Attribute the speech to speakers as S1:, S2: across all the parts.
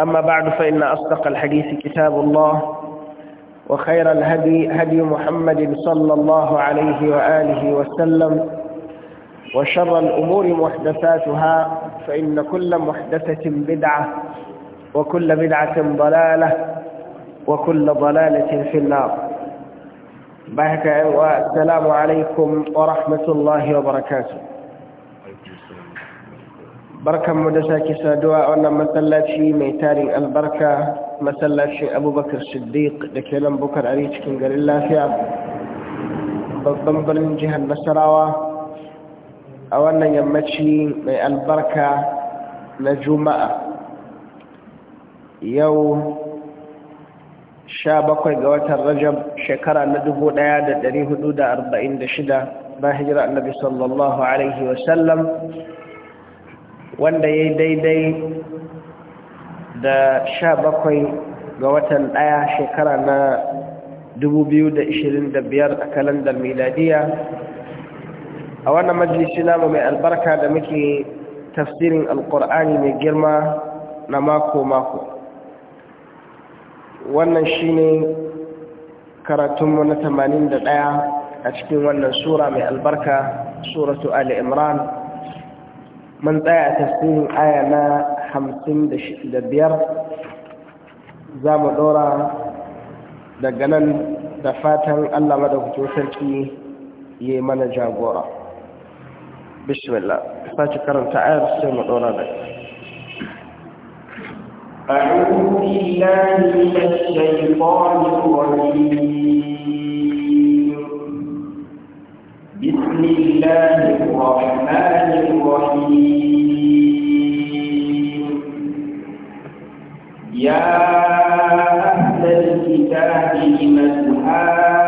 S1: أما بعد فإن أصدق الحديث كتاب الله وخير الهدي هدي محمد صلى الله عليه وآله وسلم وشر الأمور محدثاتها فإن كل محدثة بدعة وكل بدعة ضلالة وكل ضلالة في النار السلام والسلام عليكم ورحمة الله وبركاته mu da sake saduwa a wannan masallaci mai tarin albarka masallacin abubakar siddiq da ke nan bukar ari cikin garin lafiya babban birnin jihar nasarawa a wannan yammaci mai albarka na juma'a yau sha bakwai ga watan rajab shekara na dubu da da da shida, bayan hijira annabi sallallahu alaihi wasallam wanda ya yi daidai da sha bakwai ga watan ɗaya shekara na 2025 a kalandar miladiya a wannan majalisi namu mai albarka da muke tafsirin alkur'ani mai girma na mako-mako wannan shine karatunmu na 81 a cikin wannan sura mai albarka suratu ali imran من آية تفسير آية hamsin da biyar za mu ɗora daga nan da fatan allah madaukakin sarki ya yi mana jagora bismillah
S2: sace karanta ayar sai mu ɗora da أعوذ بالله من الشيطان الرجيم بسم الله الرحمن الرحيم يا أهل الكتاب لم تهاجرون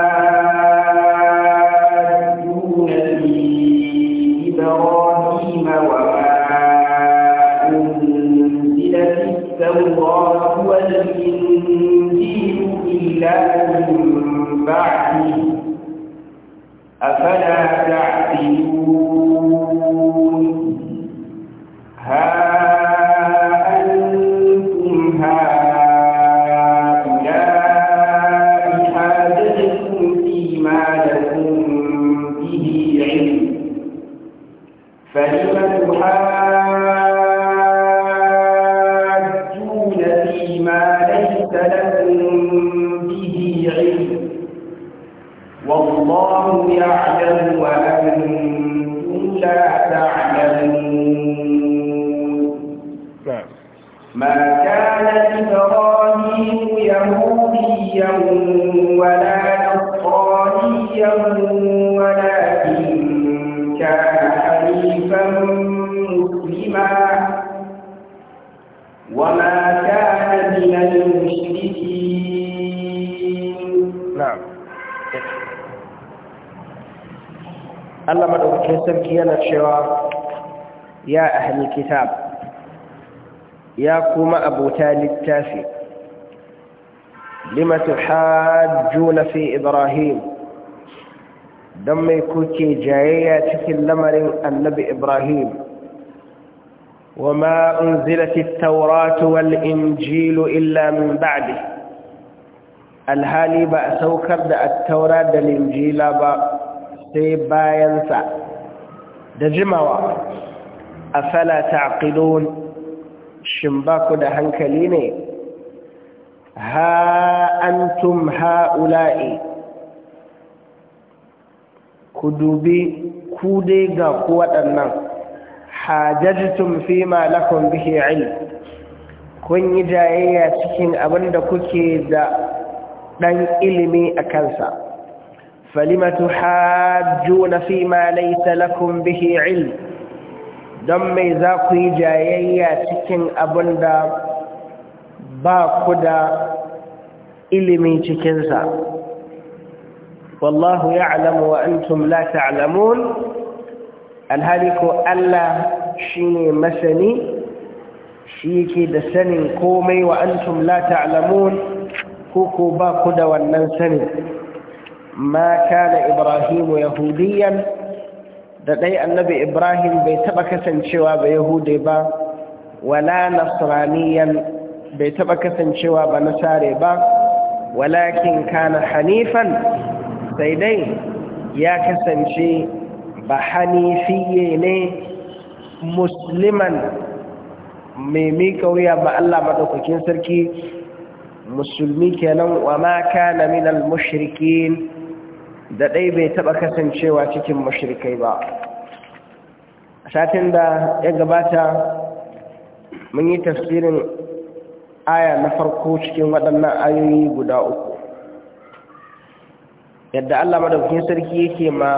S2: أفلا تعلم نعم
S1: الله ما دوك حسن كيانا الشوار يا أهل الكتاب يا كوما أبو تالي التافي لما تحاجون في إبراهيم دمي كوكي جاية تكلمر النبي إبراهيم وما أنزلت التوراة والإنجيل إلا من بعده alhali ba a saukar da attaura da linjila ba sai bayansa da jimawa a falata aqilun shin ba ku da hankali ne ha antum ha'ula'i ku dubi ku dai ga ku waɗannan tun fi ma lakon bihi kun yi jayayya cikin abin da kuke da ɗan ilimi a kansa falimatu hajjuna fi ma laysa lakum bihi don mai za ku yi jayayya cikin abin da ba ku da ilimi cikinsa wallahu ya'lamu wa antum la ta'lamun alhali ko Allah shine masani shi yake da sanin komai wa antum la ta'lamun ko ko ba ku da wannan sani ma kana ibrahimu yahudiyan da dai annabi ibrahim bai taba kasancewa ba yahude ba wala nasraniyan bai taba kasancewa ba nasare ba walakin kana hanifan sai dai ya kasance ba hanifiye ne musliman mai mika wuya ba Allah maɗaukakin sarki musulmi kenan wa ma kana min al-mushrikin da dai bai taɓa kasancewa cikin mushrikai ba satin da ya gabata mun yi tafsirin aya na farko cikin waɗannan ayoyi guda uku yadda Allah madaukakin sarki yake ma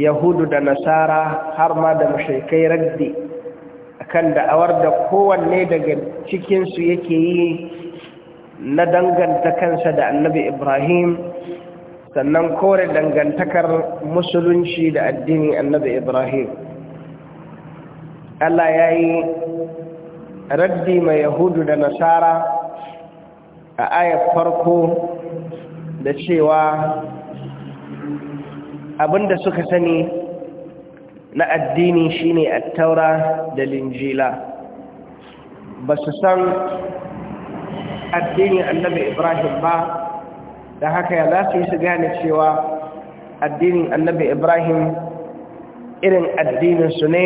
S1: yahudu da nasara har ma da mushrikai raddi kan da'awar da kowanne daga cikinsu yake yi na danganta kansa da annabi ibrahim sannan kore dangantakar musulunci da addini annabi ibrahim allah ya yi raddi mai yahudu da nasara a ayar farko da cewa abinda suka sani na addini shine attaura da linjila ba su san addinin annabi ibrahim ba da haka za su yi su gane cewa addinin annabi ibrahim irin addininsu ne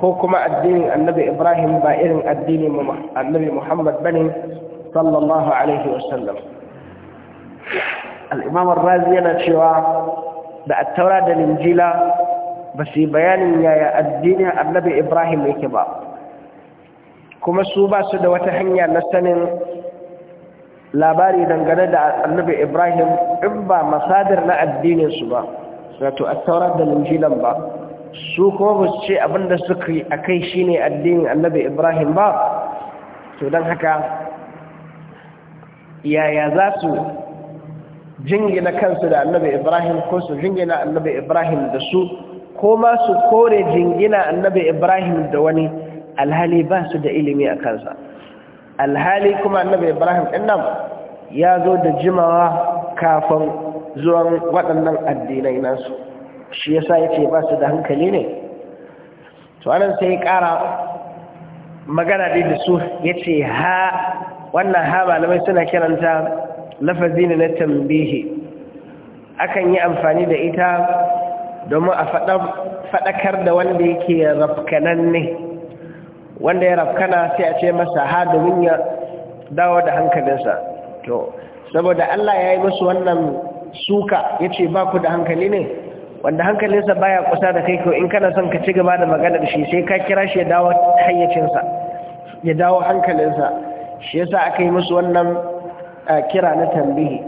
S1: ko kuma addinin annabi ibrahim ba irin addinin annabi muhammad bane sallallahu alaihi wasallam al'imamar razi yana cewa da attaura da linjila ba su yi bayanin yaya addinin annabi ibrahim yake ba kuma su ba su da wata hanya na sanin labari dangane da annabi ibrahim in ba masadar na addinin su ba wato a da linjilan ba su kuma ba su ce abinda suka yi a kai shi ne addinin annabi ibrahim ba to don haka yaya za su jingina kansu da annabi ibrahim ko su jingina annabi ibrahim da su ko ma su kore jingina annabi ibrahim da wani alhali ba su da ilimi a kansa alhali kuma annabi ibrahim ɗin nan ya zo da jimawa kafin zuwan waɗannan addinai nasu shi yasa ya ce ba su da hankali ne to anan sai ya ƙara magana ɗin da su ya ce ha wannan ha malamai suna kiranta lafazi ne na tambihi akan yi amfani da ita domin a faɗakar da wanda yake rafkananne wanda ya rafkana sai a ce masa ha domin ya dawo da hankalinsa to saboda Allah ya yi musu wannan suka ya ce ba ku da hankali ne wanda hankalinsa baya kusa da kai ko in kana son ka ci gaba da maganar shi sai ka kira shi ya dawo hayyacinsa ya dawo hankalinsa shi yasa aka yi musu wannan kira na tambihi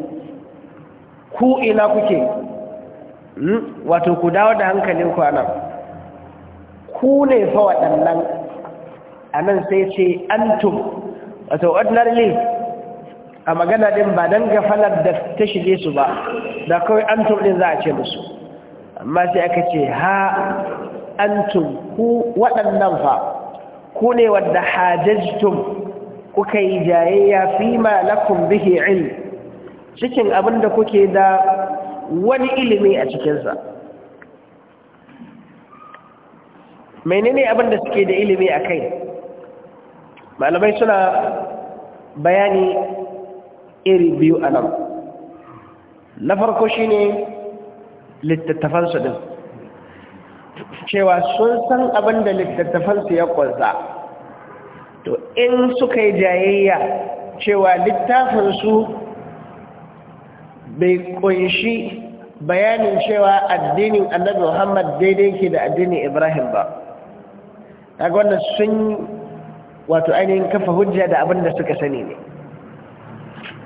S1: ku ina kuke hmm? wato ku dawo da hankalin anan ku ne fa waɗannan a nan sai ce antum wato ordinarily a magana din ba don gafalar da ta shige su ba da kawai antum din za a ce musu amma sai aka ce ha antum ku waɗannan fa ku ne wadda hajjajtum kuka yi jayayya fi ma lakum bihi ilm cikin abin da kuke da wani ilimi a cikinsa menene abin da suke da ilimi a kai malamai suna bayani iri biyu a nan na farko shi ne littattafansu din cewa sun san abin da littattafansu ya kwanza to in suka yi jayayya cewa littafinsu bai kunshi bayanin cewa addinin annabi muhammad daidai ke da addinin ibrahim ba ta wannan sun wato ainihin kafa hujja da abin da suka sani ne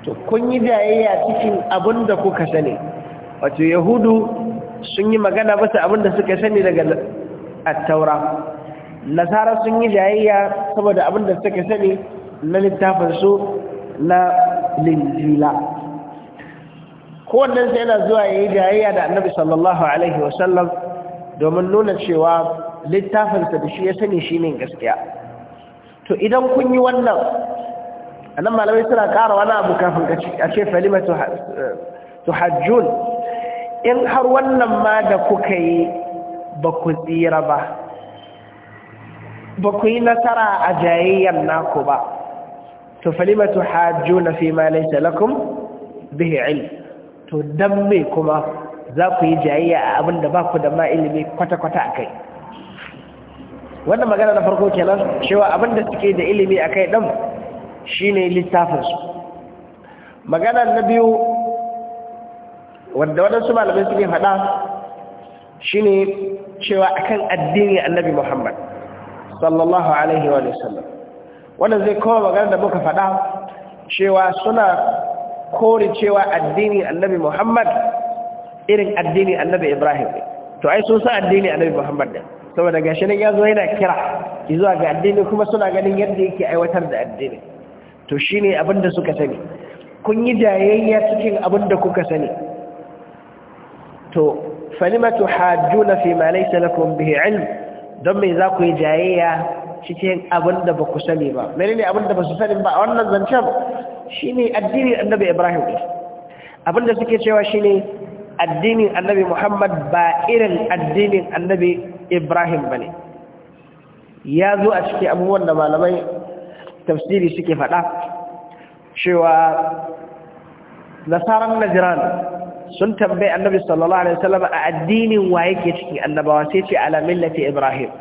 S1: to kun yi jayayya cikin abin da kuka sani wato yahudu sun yi magana bisa abin da suka sani daga attaura nasara sun yi jayayya saboda abin da suka sani na littafinsu na linjila kowannen sai yana zuwa ya yi jayayya da annabi sallallahu alaihi wasallam domin nuna cewa littafinsa da shi ya sani shi ne gaskiya to idan kun yi wannan annan malamai suna ƙara wani abu kafin a ce falima tuhajjun in har wannan ma da kuka yi ba ku tsira ba ba ku yi nasara a jayayyar naku ba to falima tuhajjuna fi ma laysa lakum bihi ilm to dan kuma za ku yi jayayya a abin da ba ku da ma ilimi kwata-kwata a kai wannan magana na farko kenan cewa abinda suke da ilimi a kai ɗan shi ne littafinsu magana na biyu wadda waɗansu malamai suke faɗa shi ne cewa akan addini annabi muhammad sallallahu alaihi wa sallam wannan zai kowa magana da muka faɗa cewa suna kori cewa addini annabi muhammad irin addini annabi ibrahim to ai sun san addini annabi muhammad ne saboda gashi nan ya zo yana kira zuwa ga addini kuma suna ganin yadda yake aiwatar da addini to shine abin da suka sani kun yi jayayya cikin abin kuka sani to falima tuhajjuna fi ma laysa lakum bihi ilm don me za ku yi jayayya cikin abin ba ku sani ba menene abin da ba su sani ba a wannan zancen shine addinin annabi Ibrahim abin da suke cewa shine addinin annabi Muhammad ba irin addinin annabi ibrahim ba ne ya zo a cikin abubuwan da malamai tafsiri suke faɗa cewa nasarar najiran sun tambayi annabi sallallahu alaihi wasallam a addinin wa yake cikin annabawa sai ce ala millati ibrahim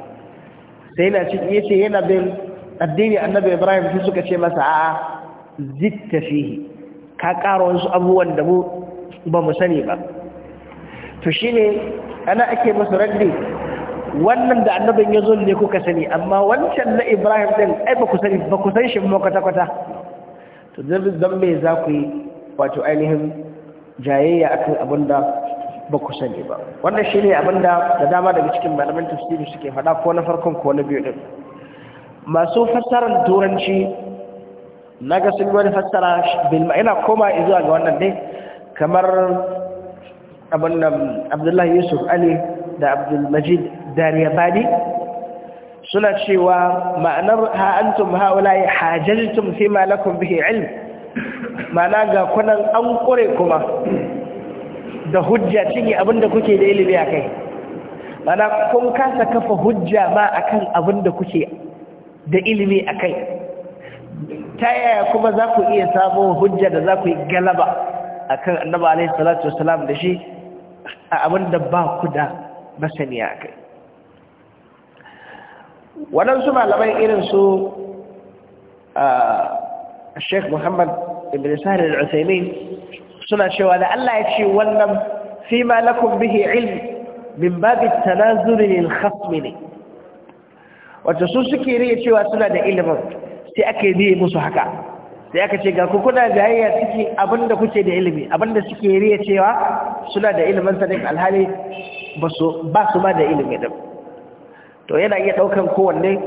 S1: sai na yace yana bin addini annabi ibrahim sai suka ce masa a zitta fihi ka ƙara wasu abubuwan da mu ba mu sani ba to shine ana ake masu raddi wannan da annabin ya zo ne kuka sani amma wancan na ibrahim din ai ba ku sani ba ku san shi ba kwata-kwata to zan me za ku yi wato ainihin jayayya akan abin da ba ku sani ba wannan shi ne abin da da dama daga cikin malaman tafsiri suke faɗa ko na farkon ko na biyu din masu fassarar turanci na ga sun wani fassara ina koma zuwa ga wannan ne kamar abin nan abdullahi yusuf ali da Abdul dariya badi suna cewa ma'anar ha'antum ha'ulaye hajjajtum fi malakun bihi ilm ma'ana ga kunan an kure kuma da hujja cinye abinda kuke da ilimi a kai ma'ana kun kasa kafa hujja ma akan abinda kuke da ilimi a kai ta yaya kuma za ku iya samu hujja da za ku yi galaba akan annaba alayhi salatu wasalam da shi a abinda ba ku da masaniya kai waɗansu malamai irin su Sheikh Muhammad ibn sahar al usaimin suna cewa da Allah ya ce wannan fi ma lakum bihi ilmi min bab tana tanazul lil khasm ne wato su suke riya cewa suna da ilimin sai aka yi musu haka sai aka ce ga ku kuna jayayya suke abinda kuke da ilimi abinda suke riya cewa suna da ilimin sadin alhali ba su ba da ilimi da to yana iya ɗaukan kowanne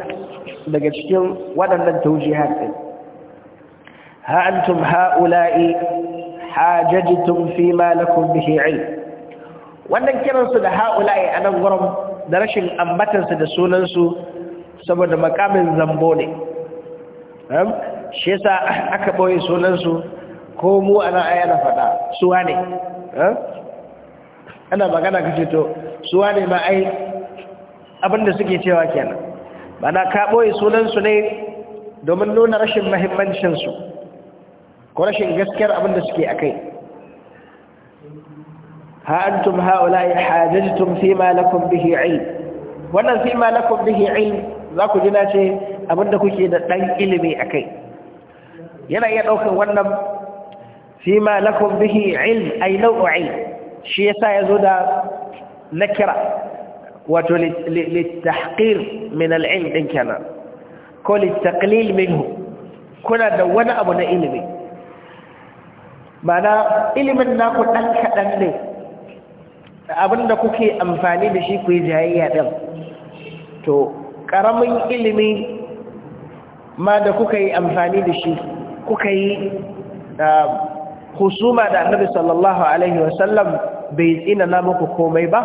S1: daga cikin waɗannan taujihar ɗin ha antum ha'ula'i hajajtum fi ma bihi wannan kiransu da ha'ula'i a nan gurin da rashin ambatansu da sunansu saboda makamin zambo ne shi sa aka ɓoye sunansu ko mu ana aya faɗa suwa ne ana magana kace to su ne ma ai abinda suke cewa kenan bana ka boye sunan su ne domin nuna rashin muhimmancin su ko rashin gaskiyar abinda suke akai ha antum haula'i hajajtum fima lakum bihi ilm wannan fima lakum bihi ilm za ku ji na ce abinda kuke da dan ilimi akai yana iya daukan wannan fima lakum bihi ilm ay nau'u ilm shi yasa ya zo da nakira wato litahqir min al'ilm din kana ko litaqlil minhu kuna da wani abu na ilimi mana ilimin naku dan kadan ne abinda kuke amfani da shi ku yi jayayya din to karamin ilimi ma da kuka yi amfani da shi kuka yi ah, husuma da annabi sallallahu alaihi wasallam bai tsina na muku komai ba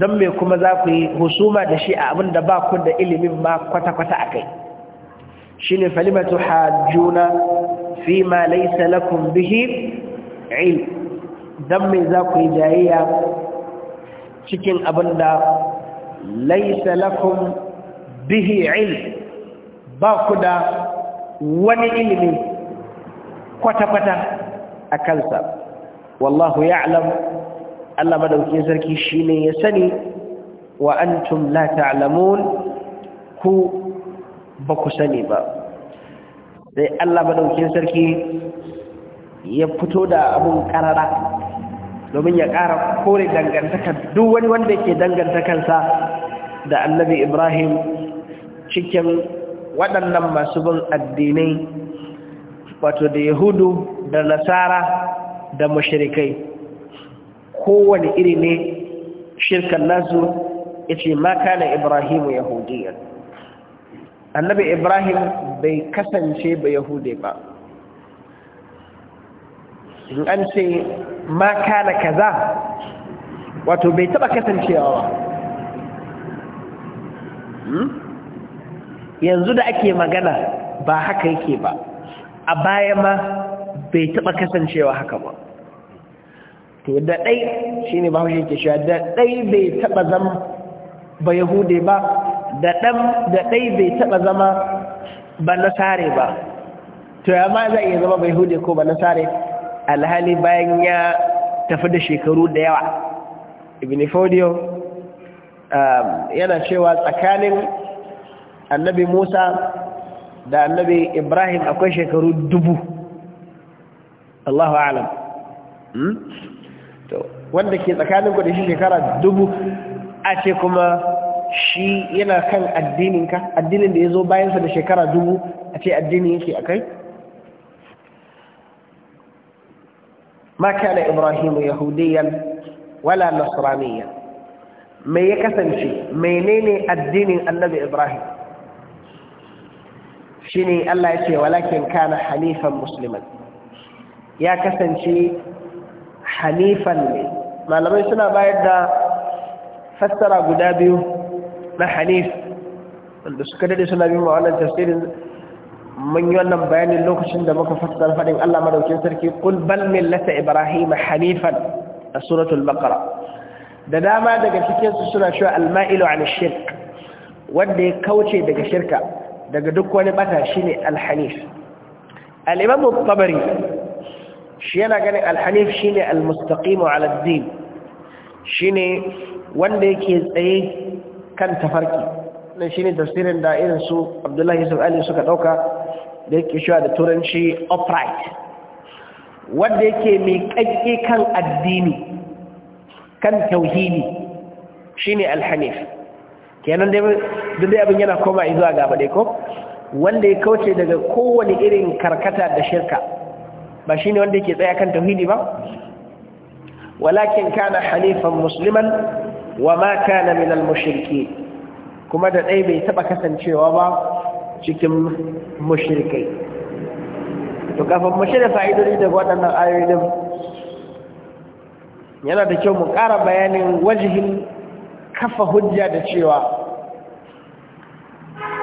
S1: don me kuma za ku yi husuma da shi a abin da ba ku da ilimin ma kwata-kwata a kai shi ne falimatu hajjuna fi ma laisa lakum bihi il don me za ku yi jayayya cikin abin da laisa lakum
S2: bihi il
S1: ba ku da wani ilimin kwata-kwata a kansa wallahu ya'lam Allah madaukin sarki shine ya sani wa antum la ta'lamun ku ba ku sani ba sai Allah madaukin sarki ya fito da abun karara domin ya ƙara kore dangantaka duk wani wanda yake danganta kansa da annabi Ibrahim cikin waɗannan masu bin addinai wato da yahudu da nasara da mashirikai kowane iri ne shirkan nasu ya ce maka na ibrahimu yahudiyar annabi ibrahim bai kasance ba yahude ba in an ce maka na kaza wato bai taba kasancewa ba hmm? yanzu da ake magana ba haka yake ba a baya ma bai taɓa kasancewa haka ba to da ɗai shi ne ba haushe ke shi da ɗai bai taɓa zama ba yahude ba da ɗai bai taɓa zama ba nasare ba to ya ma zai iya zama ba yahude ko ba nasare alhali bayan ya tafi da shekaru da yawa ibn fodiyo um, yana cewa tsakanin annabi musa da annabi ibrahim akwai shekaru dubu allahu alam hmm? wanda ke tsakanin ku da shi shekara dubu a ce kuma shi yana kan addininka addinin da ya zo bayansa da shekara dubu a ce addinin yake a kai ma da ibrahimu yahudiyan wala nasraniyan mai ya kasance menene addinin annabi ibrahim shine Allah ya ce walakin kana hanifan musliman ya kasance hanifan ne malamai suna bayar da fassara guda biyu na hanif wanda suka dade suna bi ma wannan tafsirin mun yi wannan bayanin lokacin da muka fassara fadin Allah madaukin sarki kul bal millata ibrahima hanifan a suratul baqara da dama daga cikin su suna cewa al-ma'ilu an shirk wanda ya kauce daga shirka daga duk wani bata shine alhanif al-imam shi yana ganin alhanif shine al-mustaqim ala ad-din wanda yake tsaye kan tafarki nan shine tafsirin da irin su Abdullahi Yusuf Ali suka ɗauka da yake shiwa da turanci upright wanda yake miƙaƙƙe kan addini kan tauhidi ne alhanif kenan dai duk dai abin yana koma zuwa gaba dai ko wanda ya kauce daga kowane irin karkata da shirka ba shine wanda yake tsaya kan tauhidi ba walakin kana halifan musliman wa ma kana min al-mushriki kuma da dai bai taba kasancewa ba cikin mushrikai to kafin mu shirya fa'idodi daga waɗannan ayoyin yana da kyau mu ƙara bayanin wajihin kafa hujja da cewa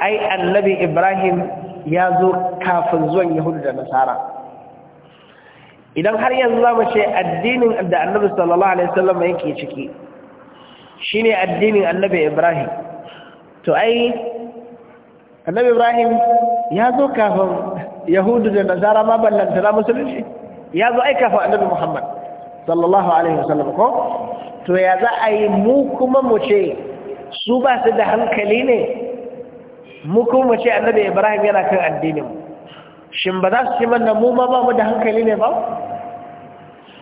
S1: ai annabi ibrahim ya zo kafin zuwan yahudu da nasara idan har yanzu za mu ce addinin da annabi sallallahu alaihi wasallam yake ciki shine addinin annabi ibrahim to ai annabi ibrahim ya zo kafin yahudu da nasara ma ballanta na musulunci ya zo ai kafin annabi muhammad sallallahu alaihi wasallam ko to ya za a yi mu kuma mu ce su ba su da hankali ne mu kuma ce annabi ibrahim yana kan addinin shin ba za su ce manna mu ma ba mu da hankali ne ba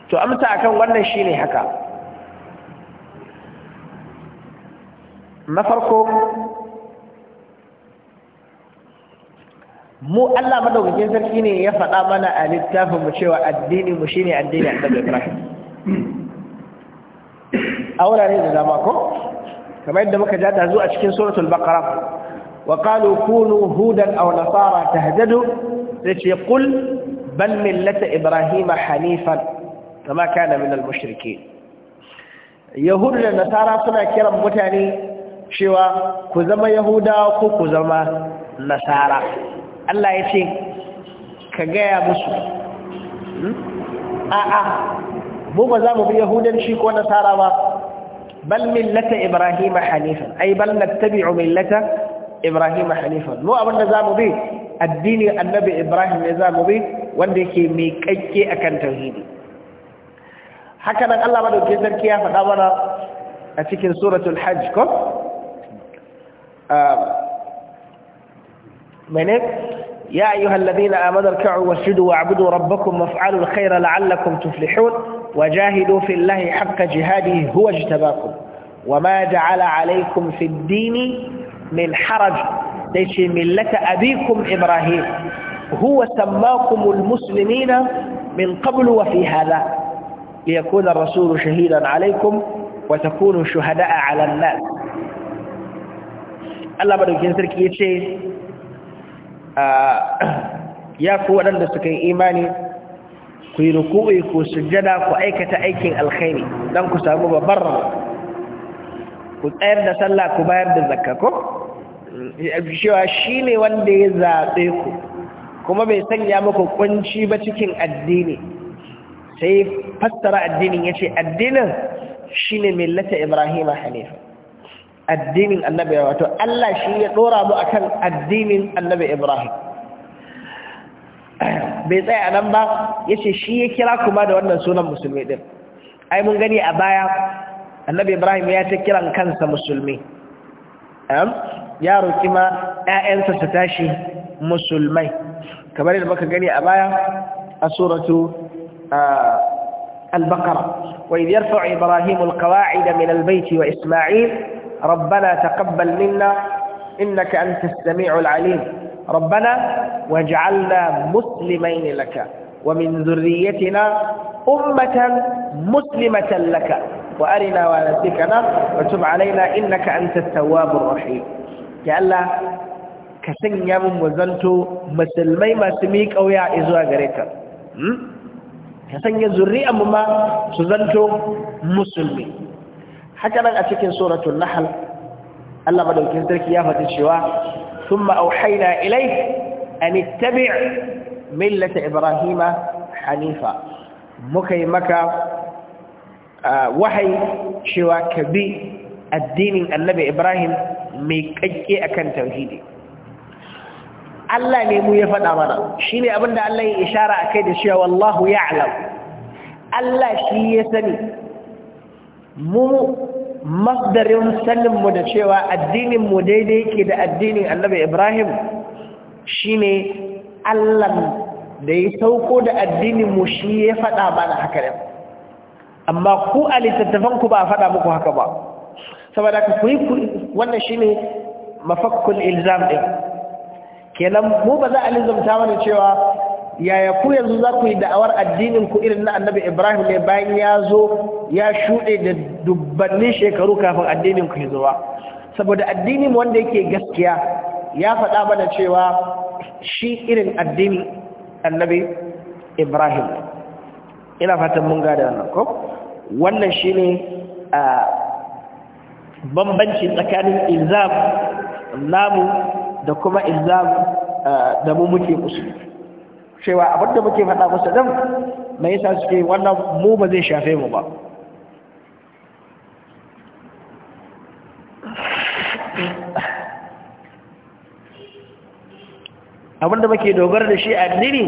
S1: to amsa akan wannan shine haka na farko mu Allah madaukakin sarki ne ya faɗa mana a littafin mu cewa addini mu shine addini annabi ibrahim a wurare da dama ko kamar yadda muka ja da zuwa cikin suratul baqara wa qalu kunu hudan aw nasara tahtadu sai qul bal millata ibrahima hanifan kama kana min al-mushrikeen nasara suna kiran mutane cewa ku zama yahudawa ko ku zama nasara Allah ya ce ka gaya musu a'a mu ba za mu bi yahudanci ko nasara ba bal millata ibrahima hanifan ay bal nattabi'u millata إبراهيم حنيفا مو أبن نزام بي الدين النبي إبراهيم نزام بي وانديكي ميكيكي أكن توهيدي حكا الله بدو كيزر كيا فقامنا أتكين سورة الحج كم منك يا أيها الذين آمنوا اركعوا واسجدوا واعبدوا ربكم وافعلوا الخير لعلكم تفلحون وجاهدوا في الله حق جهاده هو اجتباكم وما جعل عليكم في الدين min haraj da millata abikum ibrahim huwa sammakumul muslimina min qablu wa fi rasulu ليكون الرسول شهيدا عليكم وتكونوا شهداء على الناس Allah madaukin sarki yace ah, ya ku waɗanda suka yi imani ku yi ruku'i ku sujjada ku aikata aikin alkhairi dan ku samu babbar ku tsayar da sallah ku bayar da zakka ko cewa shi ne wanda ya zaɓe ku kuma bai sanya maka kunci ba cikin addini sai fassara addinin ya ce addinin shi ne millata ibrahim hanifa addinin annabi wato Allah shi ya ɗora mu a kan addinin annabi ibrahim bai a nan ba ya ce shi ya kira kuma da wannan sunan musulmi ɗin ai mun gani a baya annabi ibrahim ya ta kiran kansa musulmi ya roƙi ma ‘ya'yansa su tashi musulmai kamar yadda muka gani a baya a suratu al-baqara wa idh yarfa'u ibrahim al-qawa'ida min al bayt wa isma'il rabbana taqabbal minna innaka إنك أنت السميع العليم ربنا واجعلنا مسلمين لك ومن ذريتنا أمة مسلمة لك وأرنا ونسكنا وتب علينا إنك أنت التواب الرحيم ya Allah ka sanya min wazanto musulmai masu miƙa wuya zuwa gare ka hmm? ka sanya zuri'an mu ma su zanto musulmi haka nan a cikin suratul nahl Allah madaukakin sarki ya faɗi cewa thumma auhayna ilayk an ittabi' millata ibrahima hanifa muka yi maka ah, wahayi cewa ka bi addinin annabi ibrahim mai kakke akan tauhidi Allah ne mu ya faɗa mana shi ne abinda Allah ya ishara a kai da cewa wallahu ya Allah shi ya sani mu masdarin mu da cewa addinin mu daidai yake da addinin annabi Ibrahim shi ne Allah da ya sauko da addinin mu shi ya faɗa mana haka ne amma ku a littattafanku ba a faɗa muku haka ba saboda ka kuyi wannan shi ne mafakkul ilzam ɗin kenan mu ba za a lizamta mana cewa yaya ku yanzu za ku yi da'awar addinin ku irin na annabi ibrahim ne bayan ya zo ya shuɗe da dubbannin shekaru kafin addinin ku zuwa saboda addinin wanda yake gaskiya ya faɗa mana cewa shi irin addini annabi ibrahim ina fatan mun gada wannan ko wannan shi a ah, bambanci tsakanin ilzam namu da kuma ilzam ah, da mu muke musu cewa abin da muke faɗa musu Dan, mai yasa suke wannan mu ba zai shafe mu ba Abin da muke dogara da shi a addini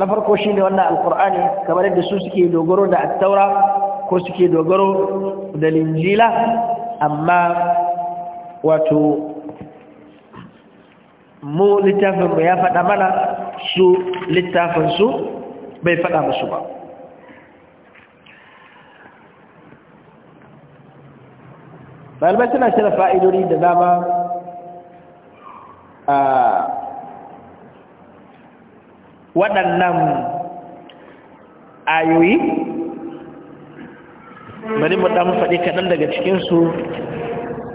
S1: na farko shi ne wannan alkur'ani kamar yadda su suke dogaro da attaura ko suke dogaro da linjila amma wato mu littafinmu ya faɗa mana su littafin su bai faɗa musu ba malamai suna shirya fa'idori da dama a waɗannan ayoyi bari mu dan faɗi kaɗan daga cikinsu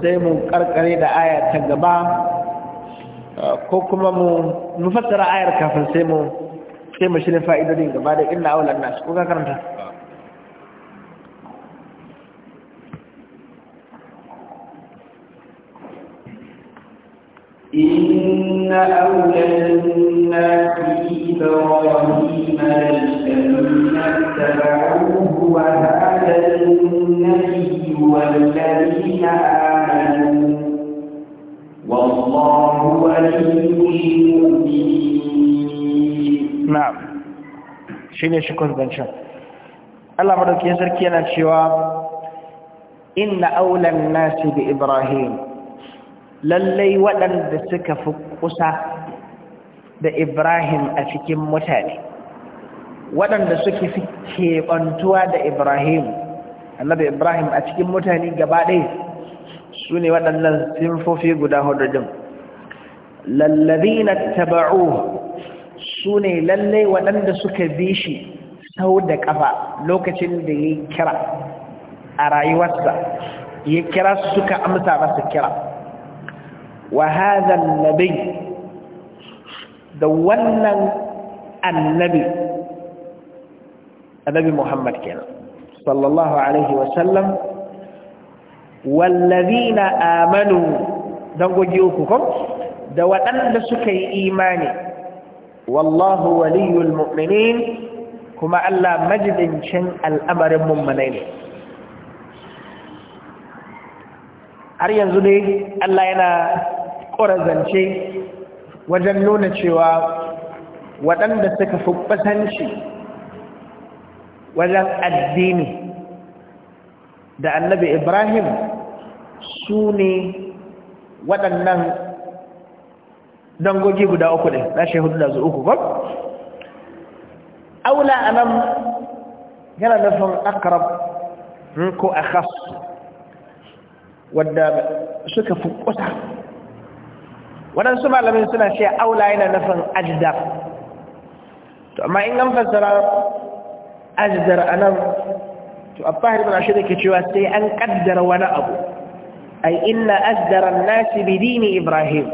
S1: sai mu ƙarƙare da aya ta gaba ko kuma mu fassara ayar kafin sai mu sai mu shirin fa'idodin gaba da inna aulan nasu ko ka karanta
S2: إن أولى الناس إبراهيم للذين اتبعوه وهذا النبي والذين آمنوا والله ولي المؤمنين نعم
S1: الله مدوكي يسركي إن أولى الناس بإبراهيم lallai waɗanda suka fi kusa da Ibrahim a cikin mutane waɗanda suke fi keɓantuwa da Ibrahim annabi Ibrahim a cikin mutane gaba ɗaya su ne waɗannan sinfofi guda hudu lallazina taba'u su ne lallai waɗanda suka bi shi sau da ƙafa lokacin da ya kira a rayuwarsa ya kira suka amsa masa kira wa nabi da wannan annabi annabi Muhammad kenan sallallahu alaihi wa sallam wallazina amanu dan goji uku kom da waɗanda suka yi imani wallahu waliyul mu'minin kuma Allah majidincin al'amarin mummanai ne har yanzu dai Allah yana ƙorazance wajen nuna cewa waɗanda suka fi ƙasanci wajen addini da annabi ibrahim su ne waɗannan dangogi guda uku ɗin na shehudu da uku ba aula a nan yana nufin akarab ko akas wadda suka fi kusa waɗansu malamin suna ce aula yana nufin ajdar to amma in an fassara ajdar a nan to abahir bin ashir ke cewa sai an kaddara wani abu ai inna asdaran nasi bi dini ibrahim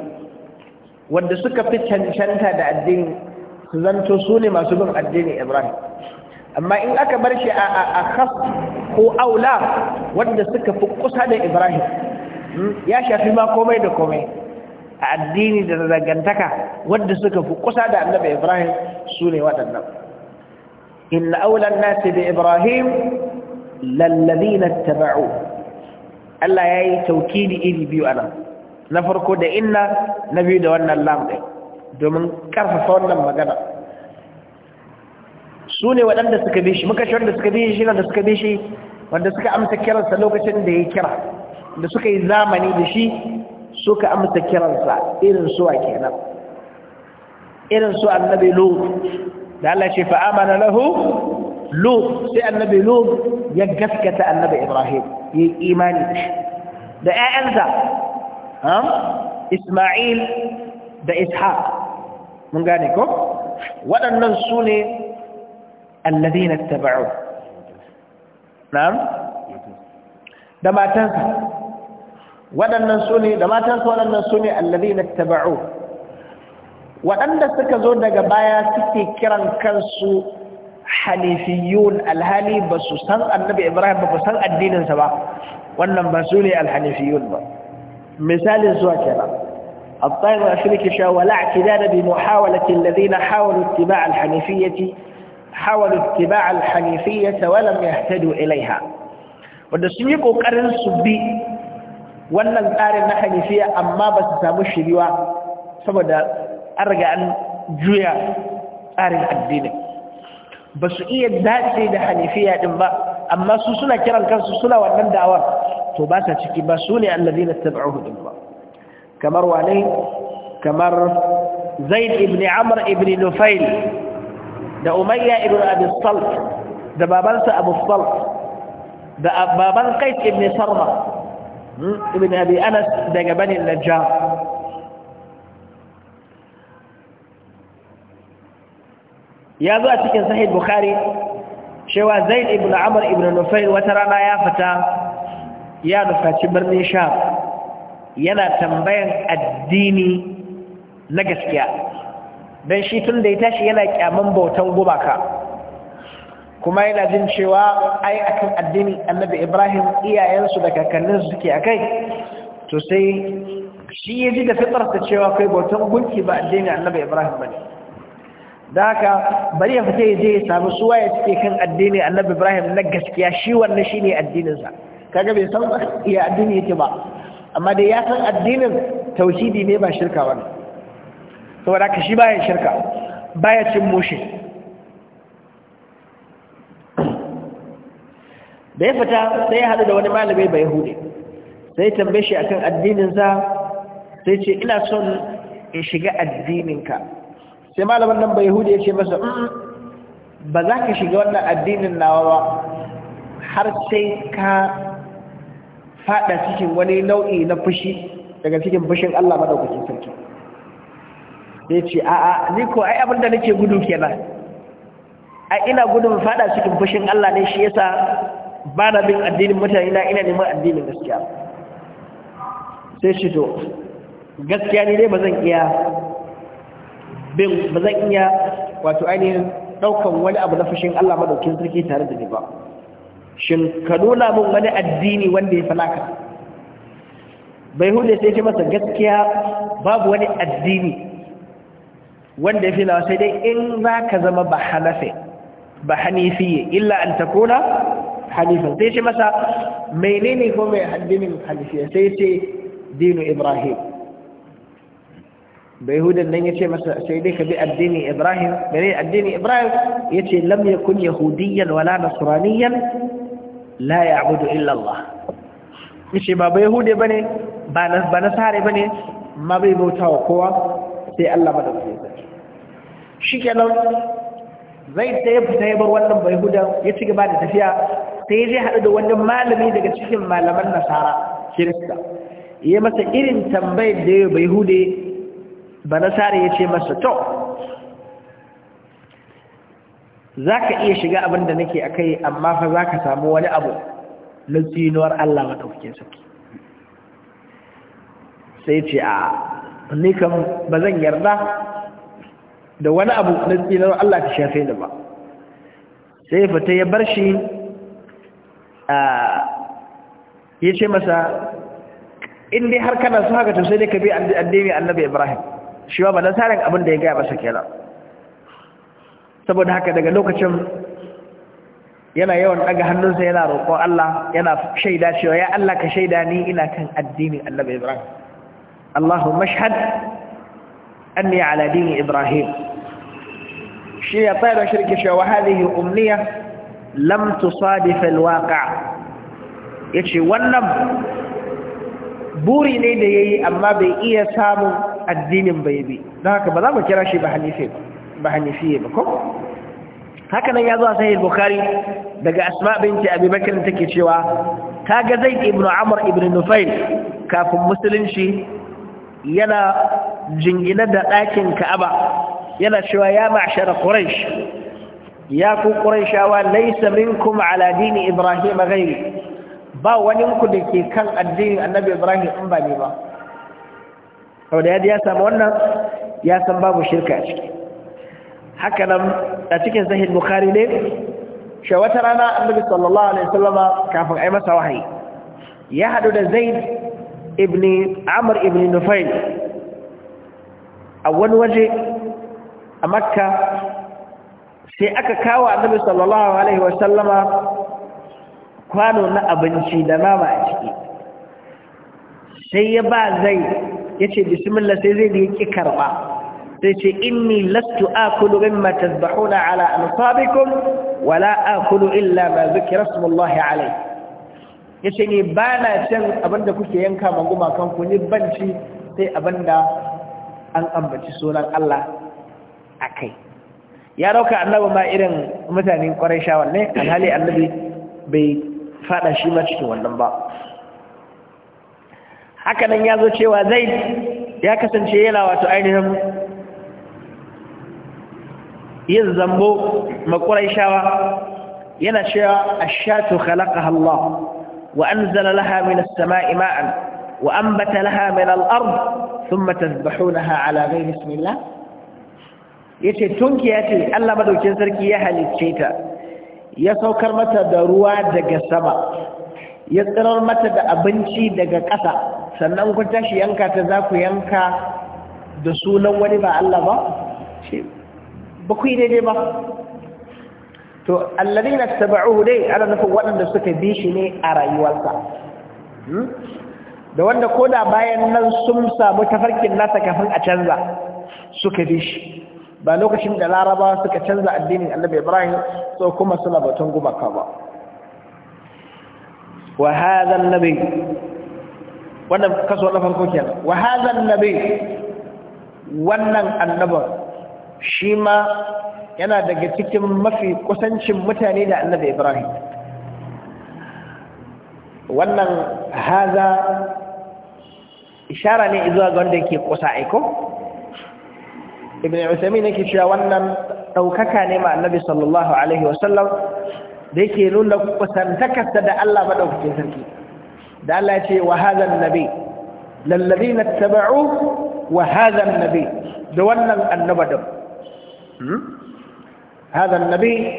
S1: wanda suka fi cancanta da addini su zanto su ne masu bin addini ibrahim amma in aka bar shi a khas ko aula wanda suka fi kusa da ibrahim hmm, ya shafi ma komai da komai a addini da dangantaka wadda suka fi kusa da annabi Ibrahim su ne waɗannan inna aulan nasi da Ibrahim lallazina taba'u Allah ya yi yayi taukidi iri biyu ana. na farko da inna na biyu da wannan lam domin karfafa wannan magana su ne waɗanda suka bi shi muka shi wanda suka bi shi da suka bi shi wanda suka amsa kiransa lokacin da ya kira da suka yi zamani da shi suka amsa kiransa irin suwa kenan irin su annabi lut da Allah shi fa amana lahu lut sai annabi lut ya gaskata annabi ibrahim yi imani da ayyansa ƴaƴansa isma'il da ishaq mun gane ko waɗannan su ne alladhina ittaba'u na'am da matansa waɗannan su ne da matansa waɗannan su ne allazi na taba'u waɗanda suka zo daga baya suke kiran kansu hanifiyun alhali ba su san annabi ibrahim ba san addininsa ba wannan ba su ne alhanifiyun ba misalin zuwa kenan الطائر الأفريقي ولا اعتداد بمحاولة الذين حاولوا اتباع الحنيفية حاولوا اتباع الحنيفية ولم يهتدوا إليها wanda sun yi ƙoƙarin su bi wannan tsarin na hanifiya amma ba su samu shiriwa saboda an riga an juya tsarin addini ba su iya dace da hanifiya din ba amma su suna kiran kansu suna wannan dawar to ba sa ciki ba su ne allazina tabi'uhu din ba kamar wane kamar zaid ibn amr ibn nufail da umayya ibn abi salt da babansa abu salt da baban qais ibn sarma Hmm? ibn abi anas daga bani najjar ya zo a cikin sahih bukhari cewa zaid ibn amr ibn nufail wata rana ya fita ya nufaci birnin sha yana tambayan addini na gaskiya don shi tun da ya tashi yana kyaman bautan gumaka kuma yana jin cewa ai akan addinin annabi ibrahim iyayensu da kakanninsu suke a kai to sai shi ya ji da fitarsa cewa kai bautan gunki ba addini annabi ibrahim ba ne da haka bari ya fita ya je ya samu suwa ya suke kan addinin annabi ibrahim na gaskiya shi wannan shi ne addininsa kaga bai san iya addini yake ba amma dai ya san addinin tauhidi ne ba shirka ba ne saboda haka shi baya shirka baya cin mushi da ya fita sai ya haɗu da wani malami bai hude sai tambaye shi akan addininsa sai ce ina son in shiga addininka sai malamin nan bai hude ya ce masa ba za ka shiga wannan addinin nawa ba har sai ka fada cikin wani nau'i na fushi daga cikin fushin Allah maɗaukacin sarki sai ce a'a ni ko ai abin da nake gudu kenan ai ina gudun fada cikin fushin Allah ne shi yasa ba na bin addinin mutane na ina neman addinin gaskiya sai shi to gaskiya ne dai ba zan iya bin ba zan iya wato ainihin ɗaukan wani abu na fashin Allah madaukin sarki tare da ni ba shin ka nuna min wani addini wanda ya falaka bai hude sai ce masa gaskiya babu wani addini wanda ya filawa sai dai in za ka zama ba hanafe ba hanifiye illa an takuna hanifan sai ce masa menene ko mai addinin hanifiya sai ce dinu ibrahim bai hudan nan ya ce masa sai dai ka bi addini ibrahim mene addini ibrahim ya ce lam yakun yahudiyan wala nasraniyan la abudu illallah. Ya ce ba bai hude bane ba na ba ne, ma bai bautawa kowa sai Allah madaukake shi kenan zai ta ya fita ya bar wannan bai huda ya ci gaba da tafiya ta yi zai haɗu da wani malami daga cikin malaman nasara kirista ya masa irin tambayar da ya bai hude ba nasara ya ce masa to za ka iya shiga abin da nake a kai amma fa za ka samu wani abu na tsinuwar Allah maɗaukakin sarki sai ce a nikan ba zan yarda da wani abu na tsinar Allah ta shafe da ba sai fata ya bar shi a ya ce masa in dai har kana su haka to sai ka bi addini annabi Ibrahim shi ba na tsarin abin da ya gaya masa kenan saboda haka daga lokacin yana yawan daga hannunsa yana roƙon Allah yana shaida cewa ya Allah ka shaida ni ina kan addinin annabi Ibrahim Allahumma shahad أني على دين إبراهيم شيء طير شركة وهذه أمنية لم تصادف الواقع يتشي ونم buri ne da ya yi amma bai iya samun addinin bai bi don haka ba za mu kira shi ba hanifiye ba ko? ya zuwa sahih bukari daga asma binti abubakar take cewa ta ga zai ibn amur ibn nufail kafin musulunci yana jingina da ɗakin ka'aba yana cewa ya ma'ashara quraish ya ku quraishawa laysa minkum ala dini ibrahim ghairi ba wani ku da ke kan addinin annabi ibrahim in ba ne ba saboda yadda ya samu wannan ya san babu shirka a ciki haka nan a cikin sahih bukhari ne shi wata rana annabi sallallahu alaihi wasallama kafin ai masa wahayi
S3: ya haɗu da zaid ibn amr ibn nufail a wani waje a makka
S1: sai aka kawo annabi sallallahu alaihi sallama kwano na abinci da nama a ciki sai ya ba zai ya ce bismillah sai zai da ya ƙi karɓa sai ce inni lastu akulu mimma tasbahuna ala ansabikum wala akulu illa ma zikra smullahi alayhi ya ce ne ba na can abinda kuke yanka ma ku. ni banci sai abinda an ambaci sunan Allah a kai ya rauka annabi ma irin mutanen kwarai shawar ne alhali annabi bai fada shi ma cikin wannan ba hakanan ya zo cewa zai ya kasance yana wato ainihin yin zambo ma ƙwarai shawa yana cewa ashatu khalaqaha Allah وأنزل لها من السماء ماء وأنبت لها من الأرض ثم تذبحونها على غير اسم الله yace tunki yace Allah madaukin sarki ya halicce ta ya saukar mata da ruwa daga sama ya tsirar mata da abinci daga ƙasa sannan kun tashi yanka ta za ku yanka da sunan wani ba Allah ba ba ku yi daidai ba to alladhina tabauhu dai ana nufin waɗanda suka bi shi ne a rayuwarsa hmm? da wanda koda bayan nan sun samu tafarkin nasa kafin a canza suka bi shi ba lokacin da Laraba suka canza addinin annabi ibrahim so kuma suna batun gumaka ba wa hadha annabi wannan kaso na farko kenan wa hadha annabi wannan annabi shi ma yana daga cikin mafi kusancin mutane da annabi ibrahim wannan haza ishara ne zuwa ga wanda yake kusa aiko ibn usaimin yake cewa wannan daukaka ne ma annabi sallallahu alaihi wasallam da yake nuna kusantakarsa da Allah madaukakin sarki da Allah ya ce wa hadha annabi lallazina tabau wa hadha annabi da wannan annabadin hmm? هذا النبي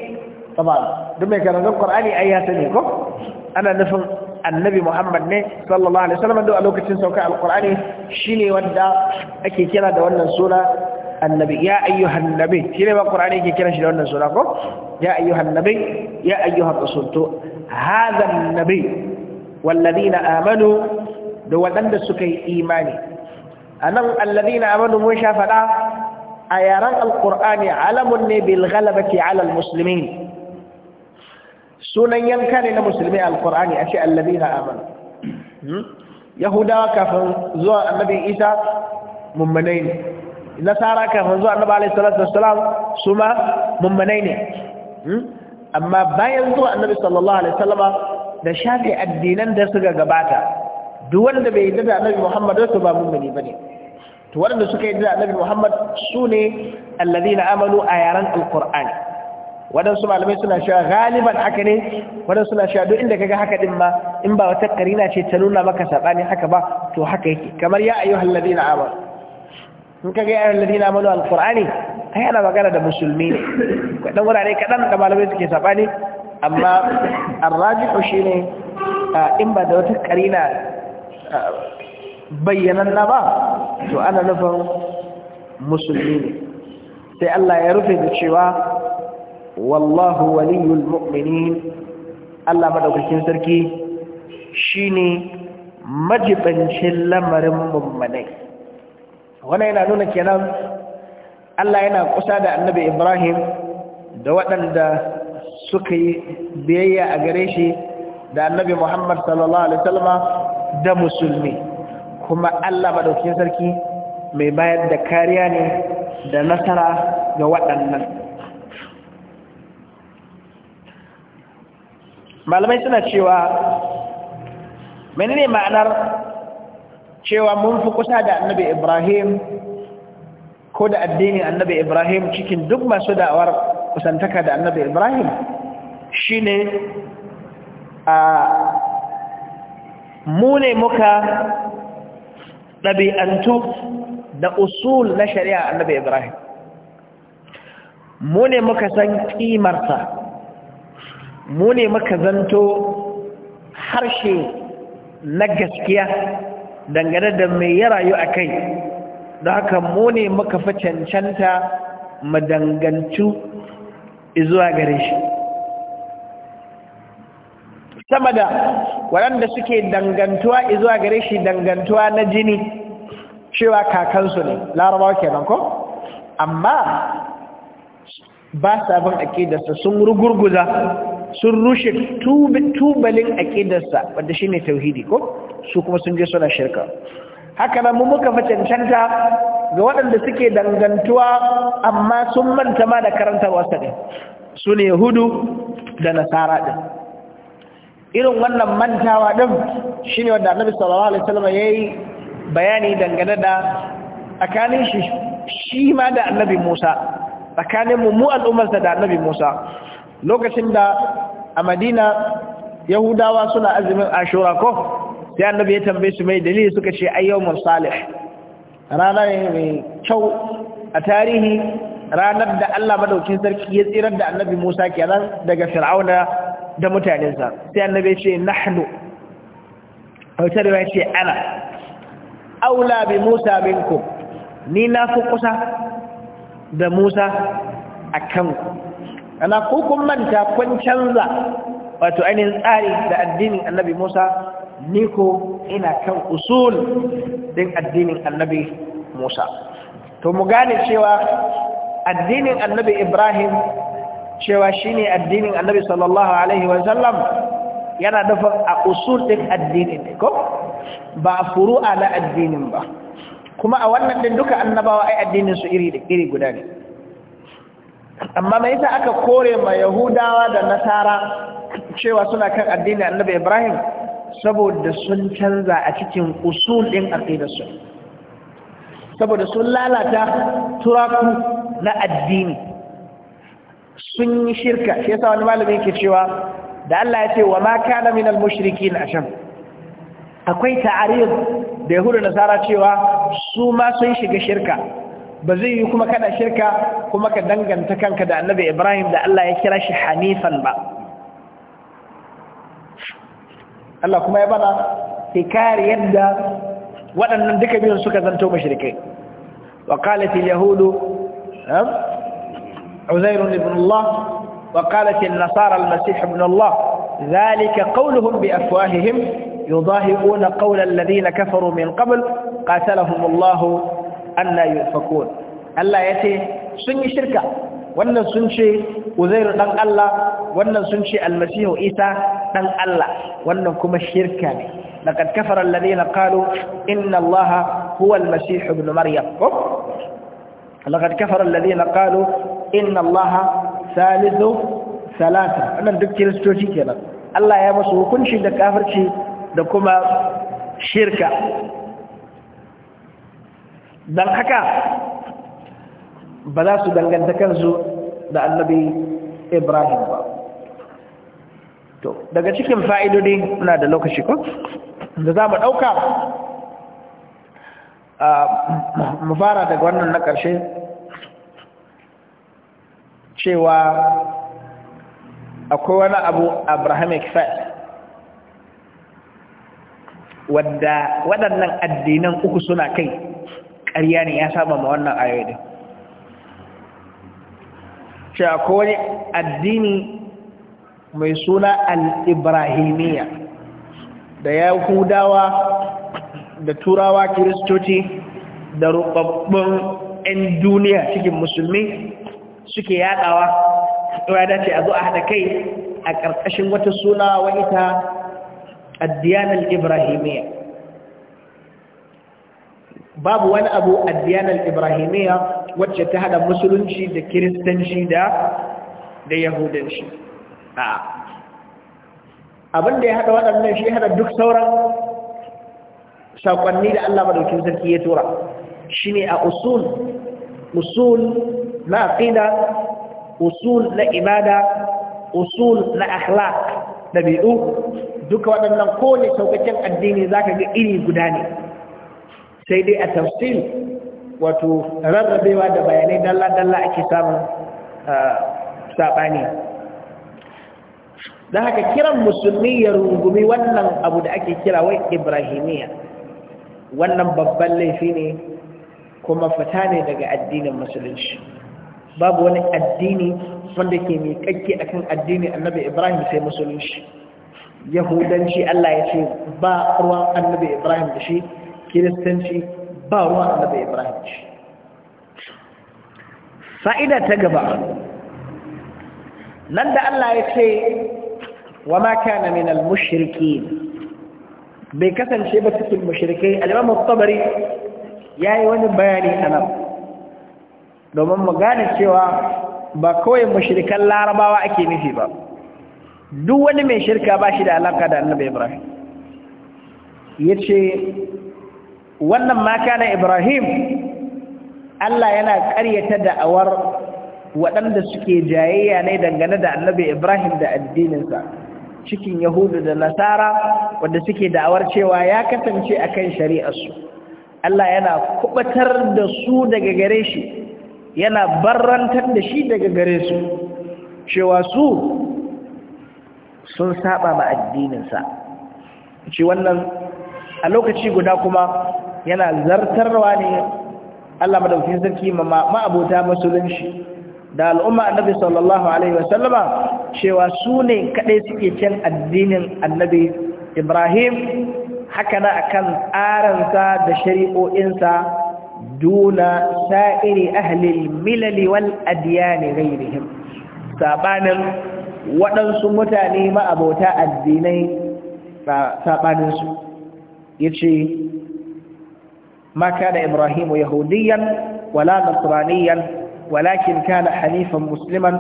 S1: طبعا دم كان القرآن آياتني كم أنا نفهم annabi Muhammad ne sallallahu alaihi wasallam duk a lokacin sauka alqur'ani shine wanda ake kira da wannan suna annabi ya ayyuhan nabi shine ba qur'ani yake kira shi da wannan suna ko ya ayyuhan nabi ya ayyuhan rasul to hadha annabi walladina amanu da wadanda suka yi imani anan alladina amanu mun sha fada a yaren alkur'ani alamun ne bil ghalabati ala almuslimin sunan yanka ne na musulmi alkur'ani a ce na amanu hmm? yahudawa kafin zuwa annabi isa mummunai ne nasara kafin zuwa annabi alaihi salatu wassalam su ma mummunai ne hmm? amma bayan zuwa annabi sallallahu alaihi wasallama da shafi addinan da suka gabata duk wanda bai yi da annabi muhammad to ba mummuni bane to waɗanda suka yi da annabi Muhammad su ne alladhina amanu a yaran alqur'ani waɗansu malamai suna cewa galiban haka ne waɗansu suna cewa duk inda kaga haka din ma in ba wata karina ce ta nuna maka saɓani haka ba to haka yake kamar ya ayyuhal ladina amanu in kaga ya ayyuhal ladina amanu alqur'ani ai ana magana da musulmi ne dan wurare kaɗan da malamai suke saɓani. amma arrajihu shine in ba da wata karina bayyananna ba to ana nufin musulmi ne sai Allah ya rufe da cewa wallahu waliyul mu'minin Allah madaukakin sarki shine majibancin lamarin mummanai wannan yana nuna kenan Allah yana kusa da Annabi Ibrahim da waɗanda suka yi biyayya a gare shi da Annabi Muhammad sallallahu alaihi da musulmi kuma Allah madaukakin sarki mai bayar da kariya ne da nasara ga waɗannan malamai suna cewa menene ma'anar cewa mun fi kusa da annabi Ibrahim ko da addinin annabi Ibrahim cikin duk masu da'awar kusantaka da annabi Ibrahim shine a mu ne muka ɗabi'antu da usul na shari'a annabi ibrahim mu muka san ƙimarsa Mune muka zanto harshe na gaskiya dangane da mai ya rayu a kai da haka mu ne muka fi cancanta madangantu zuwa gare shi sama da waɗanda suke dangantuwa izuwa gare shi dangantuwa na jini cewa kakansu ne larabawa kenan ko amma ba sa bin aƙidarsa sun rugurguza sun rushe tubalin aƙidarsa shi ne tauhidi ko su kuma sun je suna shirka haka nan mu muka cancanta ga waɗanda suke dangantuwa amma sun manta ma da karantar wasa ne su ne hudu da nasara ɗin irin wannan mantawa ɗin shine wanda annabi sallallahu alaihi wasallam yi bayani dangane da tsakanin shi shi ma da annabi Musa tsakanin mu mu al'ummarsa da annabi Musa lokacin da a Madina Yahudawa suna azumin Ashura ko sai annabi ya tambaye su mai dalili suka ce ayyumun salih rana ne mai kyau a tarihi ranar da Allah madaukin sarki ya tsirar da annabi Musa kenan daga Fir'auna da mutanensa sai annabi ce nahnu wata da ce ana aula bi musa minkum ni na fi kusa da musa a kanku ana kun manta kun canza wato ainihin tsari da addinin annabi musa ni ko ina kan usul din addinin annabi musa to mu gane cewa addinin annabi ibrahim cewa shi ne addinin annabi sallallahu alaihi wasallam yana dafa a usur ɗin addinin ko ba a furu'a na addinin ba kuma a wannan din duka annabawa ai addinin su iri iri guda ne amma mai ta aka kore ma yahudawa da nasara cewa suna kan addinin annabi ibrahim saboda sun canza a cikin usul ɗin aqidarsu saboda sun lalata turaku na addini sun yi shirka shi yasa wani malami ke cewa da Allah ya ce wa ma kana minal mushrikin akwai ta'arid da yahudu nasara cewa su ma sun shiga shirka ba zai yi kuma kana shirka kuma ka danganta kanka da annabi Ibrahim da Allah ya kira shi hanifan ba Allah kuma ya bana fikar yadda waɗannan duka biyun suka zanto mashirikai wa qalat al-yahudu عزير بن الله وقالت النصارى المسيح ابن الله ذلك قولهم بأفواههم يضاهئون قول الذين كفروا من قبل قاتلهم الله أن يؤفكون الله ياتي سن شركة وأن سن شيء عزير بن الله وأن سن شيء المسيح إيسا بن الله وأن كم الشركة لقد كفر الذين قالوا إن الله هو المسيح ابن مريم لقد كفر الذين قالوا inna allaha salisu salata wannan duk kiristoci kenan Allah ya masu hukunci da kafirci da kuma shirka dan haka ba za su danganta kansu da annabi Ibrahim ba to daga cikin fa'idodi muna da lokaci ko da za mu ɗauka ah, mu fara daga wannan na ƙarshe cewa akwai wani abu abrahamic faith wadda waɗannan addinan uku suna kai ƙarya ne ya saba ma wannan ayoyi cewa akwai wani addini mai suna al'ibrahimiyya da ya hudawa da turawa kiristoci da rubabbun 'yan duniya cikin musulmi suke yadawa ya dace a zo a haɗa kai a ƙarƙashin wata suna wa ita addiyanar ibrahimiyya babu wani abu addiyanar ibrahimiyya wacce ta haɗa musulunci da kiristanci da da yahudanci abinda ya haɗa waɗannan shi haɗa duk sauran saƙonni da allah madaukin sarki ya tura shi ne a usul usul na aqida usul na ibada usul na akhlaq dabi'u duka waɗannan kowane saukakken addini zaka ga iri guda ne sai dai a tafsir wato rarrabewa da bayanai dalla-dalla ake samun ah, saɓani da haka kiran musulmi ya rungumi wannan abu da ake kira wai ibrahimiyya wannan babban laifi ne kuma fita ne daga addinin musulunci babu wani addini wanda ke mai kakke kan addini annabi ibrahim sai musulunci yahudanci allah ya ce ba ruwan annabi ibrahim da shi kiristanci ba ruwan annabi ibrahim da shi fa'ida ta gaba nan da allah ya ce wa ma na min al-mushrikin bai kasance ba cikin mushrikai al-imam at-tabari yayi wani bayani a nan. domin mu gane cewa ba kawai mushrikan larabawa ake nufi ba duk wani mai shirka ba shi da alaka da annabi ibrahim ya ce wannan maka na ibrahim allah yana karyata da'awar waɗanda suke jayayya ne dangane da annabi ibrahim da addininsa cikin yahudu da nasara wanda suke da'awar cewa ya kasance akan shari'arsu allah yana kubatar da su daga gare shi yana barrantar da shi daga gare su cewa su sun saba ma addininsa ce wannan a lokaci guda kuma yana zartarwa ne Allah madaukakin sarki ma'abota musulunci da al'umma annabi sallallahu alaihi wasallama cewa su ne kadai suke cin addinin annabi Ibrahim haka na akan tsarinsa da shari'o'insa duna sa'iri ahlil milali wal adiyani ghairihim sabanin waɗansu mutane ma'abota addinai saɓaninsu ya ce ma kana ibrahimu yahudiyan wala nasraniyan walakin kana hanifan musliman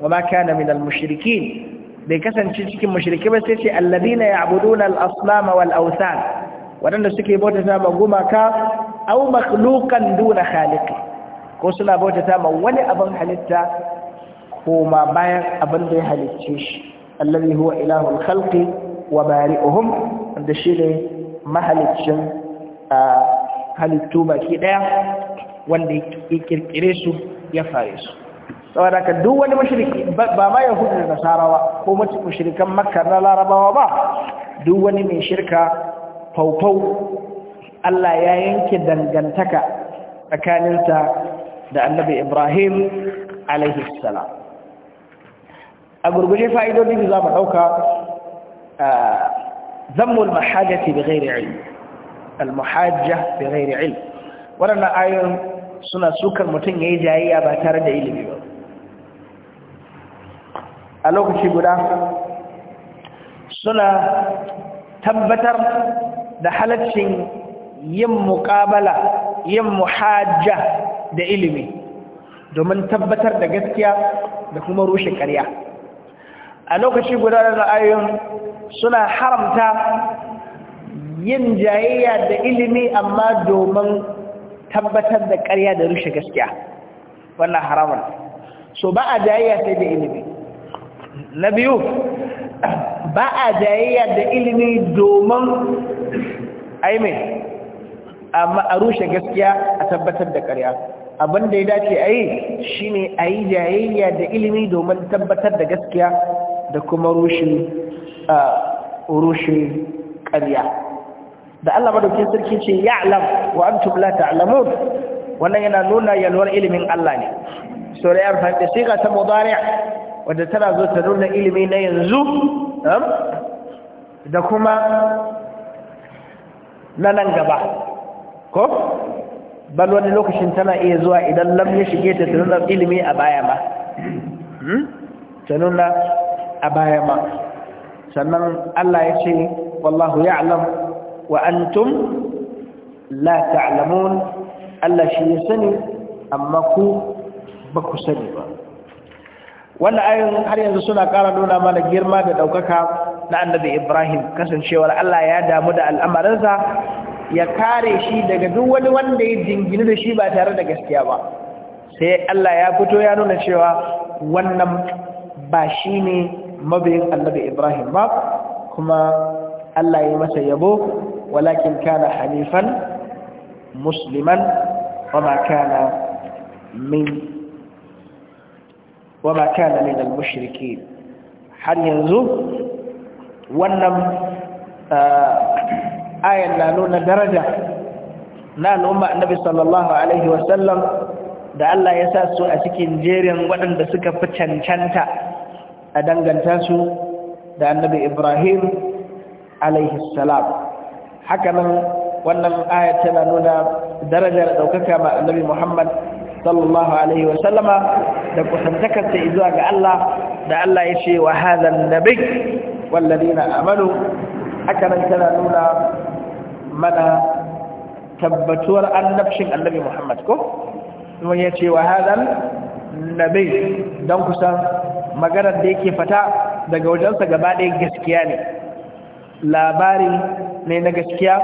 S1: wa ma kana min al-mushrikin bai kasance cikin mushiriki ba sai ce alladina ya'buduna al-aslama wal awthan wadanda suke bauta ta ba gumaka au makhluqan duna khaliqi ko suna bautata ma wani abin halitta koma bayan abin da ya halicce shi allazi huwa ilahul khalqi wa bari'uhum da shi ne mahaliccin halittu baki daya wanda ya kirkire su ya fare su saboda ka duk wani mushriki ba ma hudu da nasarawa ko shirikan makka na larabawa ba duk wani mai shirka faufau Allah ya yanke dangantaka tsakaninsa da annabi Ibrahim alaihi salam a gurguje fa'idodin da za mu ɗauka zammul mahajjati bi ghairi ilm al-muhajja bi ghairi ilm waɗannan ayoyin suna sukar mutum yayi jayayya ba tare da ilimi ba a lokaci guda suna tabbatar da halaccin yin muƙabala yin muhajja da ilimi domin tabbatar da gaskiya da kuma rushe ƙarya a lokaci guda da suna haramta yin jayayya da ilimi amma domin tabbatar da ƙarya da rushe gaskiya wannan haramun so ba a jayayya sai da ilimi na biyu ba a jayayya da ilimi domin aimin amma a rushe gaskiya a tabbatar da ƙarya abin da ya dace a yi shi ne a yi jayayya da ilimi domin tabbatar da gaskiya da kuma rushe ƙarya da Allah madaukin sarki ce ya alam wa an tubla ta'lamun wannan yana nuna yalwar ilimin Allah ne sura ya rufa da siga ta mudari wadda tana zo ta nuna ilimi na yanzu da kuma na nan gaba ko bal wani lokacin tana iya zuwa idan lam ya shige ta tunan ilimi a baya ma hmm? tunan a baya ma sannan Allah ya ce wallahu ya'lam wa antum la ta'lamun Allah shi ya sani amma ku ba ku sani ba wannan ayoyin har yanzu suna ƙara nuna mana girma da ɗaukaka na annabi Ibrahim kasancewar Allah ya damu da al'amarinsa ya kare shi daga duk wani wanda ya jingina da shi ba tare da gaskiya ba sai Allah ya fito ya nuna cewa wannan ba shi ne mabiyin annabi Ibrahim ba kuma Allah ya masa yabo walakin kana hanifan musliman wama kana min wama kana min al-mushriki har yanzu wannan uh, ayan na nuna daraja na al'umma annabi sallallahu alaihi wasallam da Allah ya sa su a cikin jerin waɗanda suka fi cancanta a danganta su da annabi Ibrahim alaihi salam hakanan wannan aya tana nuna darajar ɗaukaka ma annabi Muhammad sallallahu alaihi wasallama da kusantakarsa zuwa ga Allah da Allah ya ce wa hadha an-nabiy wal amanu hakanan tana nuna mana tabbatuwar annabshin annabi Muhammad ko Kuma ya ce wa hadal nabi don kusan maganar da yake fata daga wajensa gaba ɗaya gaskiya ne labari ne na gaskiya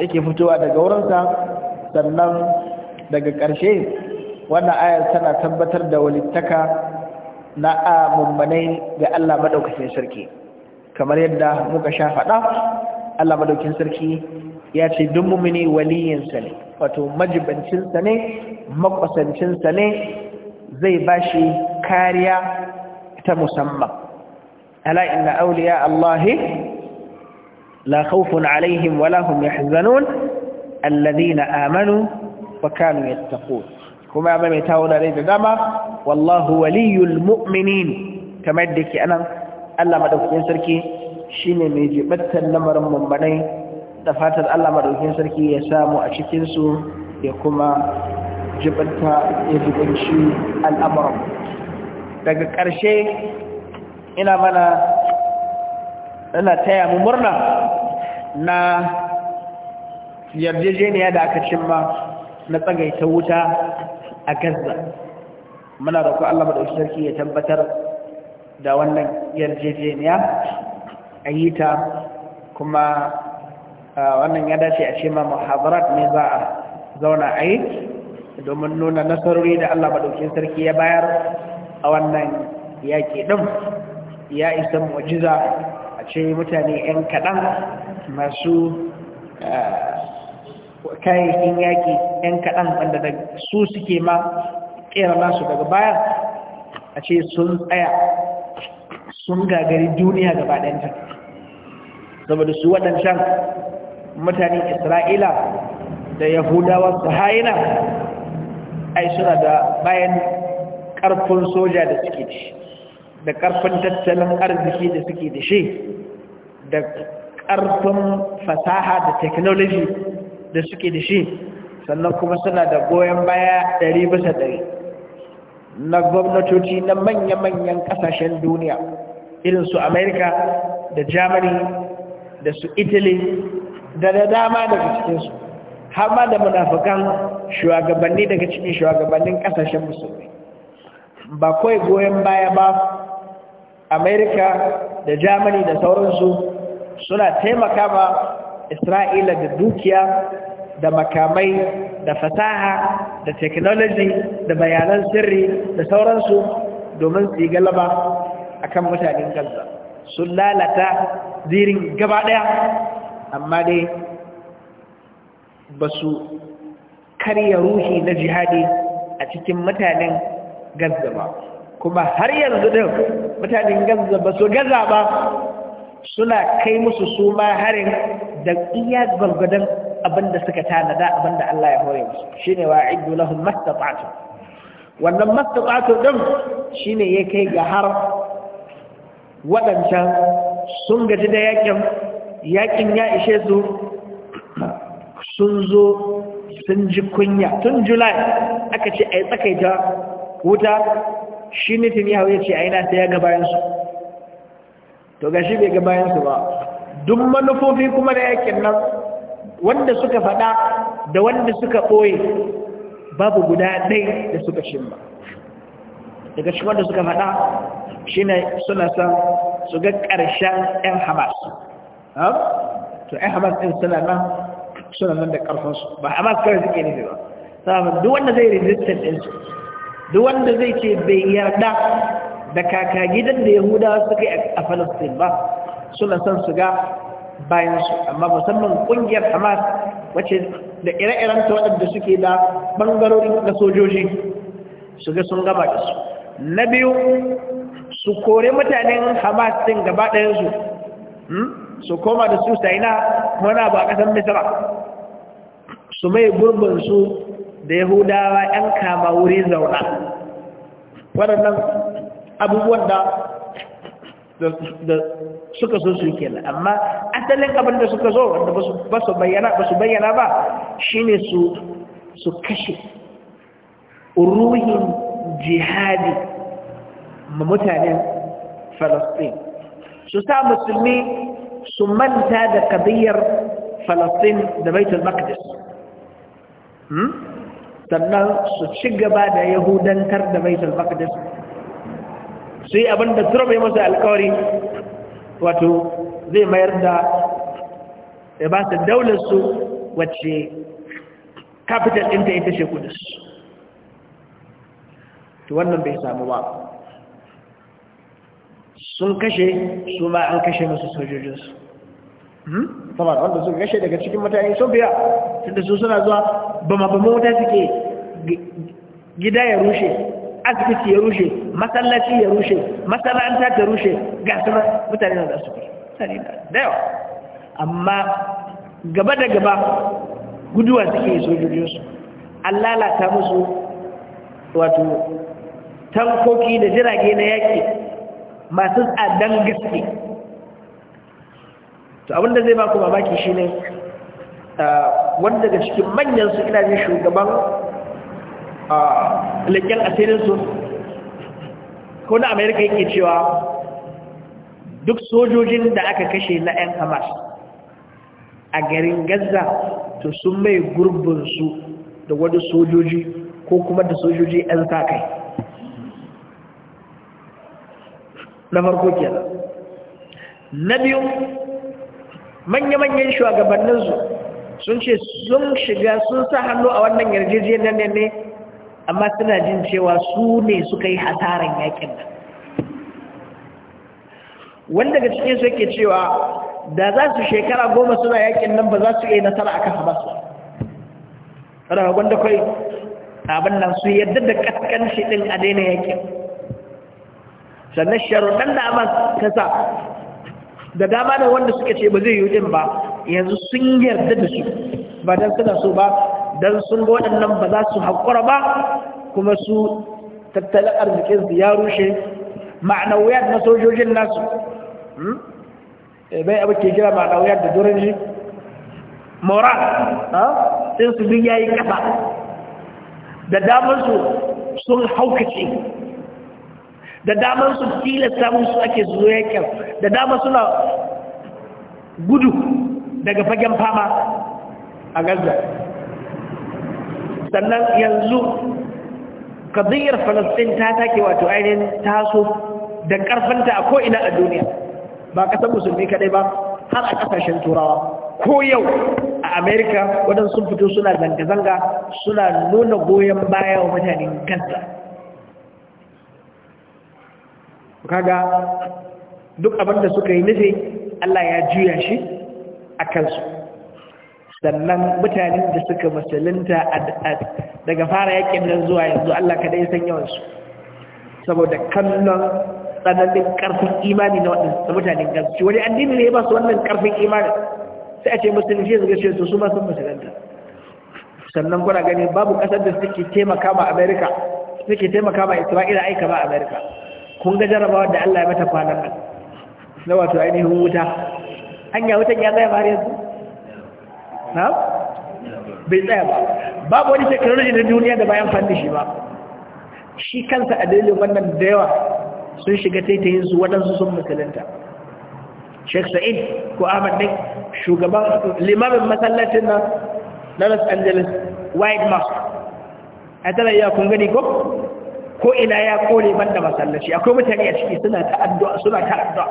S1: yake fitowa daga wurinsa sannan daga ƙarshe wannan ayar tana tabbatar da walittaka na mummanai ga Allah maɗaukacin sarki kamar yadda muka sha faɗa Allah madaukin sarki ya ce duk mumini waliyinsa ne wato majibancinsa ne makwasancinsa ne zai bashi kariya ta musamman ala inna auliya Allah la khawfun alaihim wala hum yahzanun alladhina amanu wa kanu yattaqun kuma ba mai tawo da da dama wallahu waliyul mu'minin kamar da ke anan Allah madaukakin sarki Shi ne mai jibattar lamarin mummanai da fatar Allah maɗaukin sarki ya samu a cikinsu ya kuma jibatta ya jibanci al'amuran daga ƙarshe ina mana ɗana taya mu murna na yarjejeniya da aka cimma na tsagaita wuta a Gaza muna roƙo Allah maɗaukin sarki ya tabbatar da wannan yarjejeniya a yi ta kuma wannan ya dace a ce ma muhazarat ne za a zauna a yi domin nuna nasarori da Allah maɗauki sarki ya bayar a wannan yaƙi ɗin ya isa mu'jiza a ce mutane 'yan kaɗan masu kayayyakin yaƙi 'yan kaɗan wanda da su suke ma ƙera nasu daga baya a ce sun tsaya sun gagari duniya gaba ɗanta saboda su waɗancan mutane isra'ila da yahudawa su haina ai suna da bayan ƙarfin soja da suke ci da ƙarfin tattalin arziki da suke da shi da ƙarfin fasaha da technology da suke da shi sannan kuma suna da goyon baya ɗari bisa ɗari na gwamnatoci na manya-manyan ƙasashen duniya irin su amerika da Jamani. da su italy da da dama daga cikinsu har ma da munafukan shugabanni daga cikin shugabannin kasashen musulmi ba kawai goyon baya ba amerika da germany da sauransu suna taimaka ba isra'ila da dukiya da makamai da fasaha da technology da bayanan sirri da sauransu domin su yi galaba akan mutanen gaza sun lalata zirin gaba ɗaya amma dai ba su karya ruhi na jihadi a cikin mutanen gaza ba kuma har yanzu ɗin mutanen gaza ba su gaza ba suna kai musu su ma harin da iya gwargwadon abinda suka tanada abinda Allah ya hore musu ne wa iddu lahum mastata'tu wannan ɗin shi ne ya kai ga har waɗancan sun gaji da yakin yakin ya ishe su sun zo sun ji kunya tun Julai aka ce a yi tsakaita wuta shi nufin yawo ya ce a yi na ta ya gabayensu to ga shi bai gabayensu ba duk manufofi kuma da yakin nan wanda suka faɗa da wanda suka ɓoye babu guda ɗai da suka shimma. daga shi wanda suka faɗa ne suna son su ga ƙarshen 'yan hamas to 'yan hamas ɗin suna nan suna nan da ƙarfinsu ba hamas kawai suke nufi ba samun duk wanda zai resistant ɗinsu duk wanda zai ce bai yarda da kaka gidan da yahudawa suka yi a falastin ba suna son su ga bayansu amma musamman ƙungiyar hamas wacce da ire-iren ta waɗanda suke da ɓangarori na sojoji su ga sun gaba da su na biyu su kore mutanen hamas din gaba ɗayansu hmm? su koma da su na wana ba ƙasar misra su mai gurbinsu da yahudawa 'yan kama wuri zauna waɗannan abubuwan da suka so su ke amma asalin abin da suka zo wanda ba su bayyana ba shine su su kashe ruhin jihadi mutanen falastin su sa musulmi su manta da kadiyar falastin da baitul maqdis sannan su ci gaba da yahudantar da baitul maqdis su yi abin da turbe masu alkawari wato zai mayar da ya ba su daularsu wacce capital ɗinta ita ce kudus to wannan bai samu ba sun kashe su ma an kashe musu sojojinsu hmm? saboda wanda sun kashe daga cikin mutane sun biya tunda su suna zuwa bama wuta suke gida ya rushe asibiti ya rushe masallaci ya rushe masana'anta ta rushe ga su mutane na zasu kai da yawa amma gaba da gaba
S2: guduwa suke sojojinsu
S1: an lalata musu wato tankoki da jirage na yaƙi masu tsadan gaske to abinda zai ba ku mamaki shi ne wanda daga cikin manyan su ina ne shugaban leƙen asirinsu ko na amerika yake cewa duk sojojin da aka kashe na 'yan hamas a garin gaza to sun mai gurbinsu da wani sojoji ko kuma da sojoji 'yan sa kai na farko kenan na biyu manya-manyan shugabanninsu sun ce sun shiga sun sa hannu a wannan yarjejeniyar ne ne amma suna jin cewa su ne suka yi hasaran yakin nan wanda daga cikin su yake cewa da za su shekara goma suna yakin nan ba za su iya nasara a kafa ba su, wanda kai abin nan su yadda da kaskanci din a daina yakin sannan ɗan da aman kasa da dama da wanda suka ce ba zai yi ba yanzu sun yarda da su ba don suna so ba don sun ga waɗannan ba za su haƙura ba kuma su tattalin arzikinsu ya rushe ma'anawiyar na sojojin nasu hmm? eh, bai abu ke jira ma'anawiyar da durin shi mora sun su biya yi kafa da damansu sun haukace da damar su tilasta musu ake zuwa kyau da dama suna gudu daga fagen fama a gaza sannan yanzu kadiyar falastin ta take wato ainihin taso da karfanta a ko'ina a duniya ba kasar musulmi kadai ba har a kasashen turawa ko yau a amerika wadansu fito suna zanga-zanga suna nuna goyon baya wa mutanen gaza kaga duk abin da suka yi nufi Allah ya juya shi a kansu sannan mutanen da suka musulunta daga fara yakin nan zuwa yanzu Allah ka dai san yawansu saboda kallon tsananin karfin imani na waɗansu mutanen gaske wani addini ne ba su wannan karfin imani sai a ce musulunci su gaske su su ma sun musulunta sannan kuna gani babu ƙasar da suke taimaka ma amerika suke taimaka ma isra'ila aika ma amerika kun ga jarabawa da Allah ya mata kwanan nan na wato ainihin wuta an ya wutan ya tsaya ba har yanzu na bai tsaya ba babu wani technology na duniya da bayan fanni shi ba shi kansa a dalilin wannan da yawa sun shiga taitayin su waɗansu sun musulunta Sheikh Sa'id ko Ahmad Dik shugaban limamin masallacin na Los Angeles White mask. a tara iya kun gani ko ko ina ya kore da masallaci akwai mutane a ciki suna ta addu'a suna ta addu'a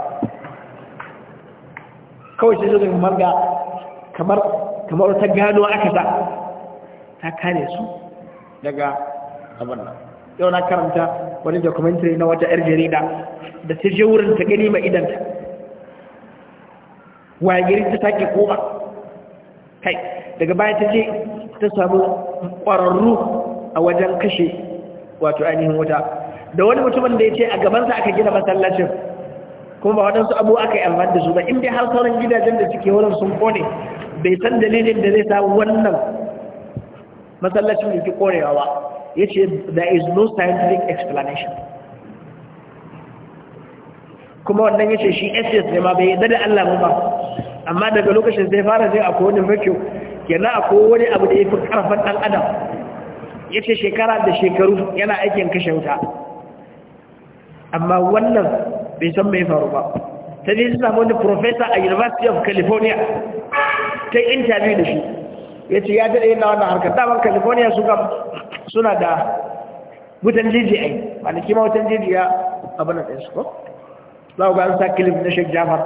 S1: kawai sai zai kamar ga kamar kamar ta gano aka sa ta kare su daga abin nan yau na karanta wani documentary na wata yar jarida da ta je wurin ta gani mai idanta waye gari ta take koma kai daga baya ta je ta samu kwararru a wajen kashe wato ainihin wuta da wani mutumin da ya ce a gabansa aka gina masallacin kuma ba waɗansu abu aka yi amfani da su ba inda har sauran gidajen da suke wurin sun kone bai san dalilin da zai samu wannan masallacin da ke korewa ba ya ce there is no scientific explanation kuma wannan ya ce shi ss ne ma bai yi dada allah ba amma daga lokacin sai fara zai akwai wani vacuum kenan akwai wani abu da ya fi karfan dan adam ya ce shekara da shekaru yana aikin kashe wuta amma wannan bai san mai faru ba ta ne suna wani professor a university of california ta interview da shi ya ce ya daɗe yana wannan harkar daman california suna da wutan jijiyai ba da kima wutan jijiya a bana da ɗansu ko za ku gani sa kilif na shek jafar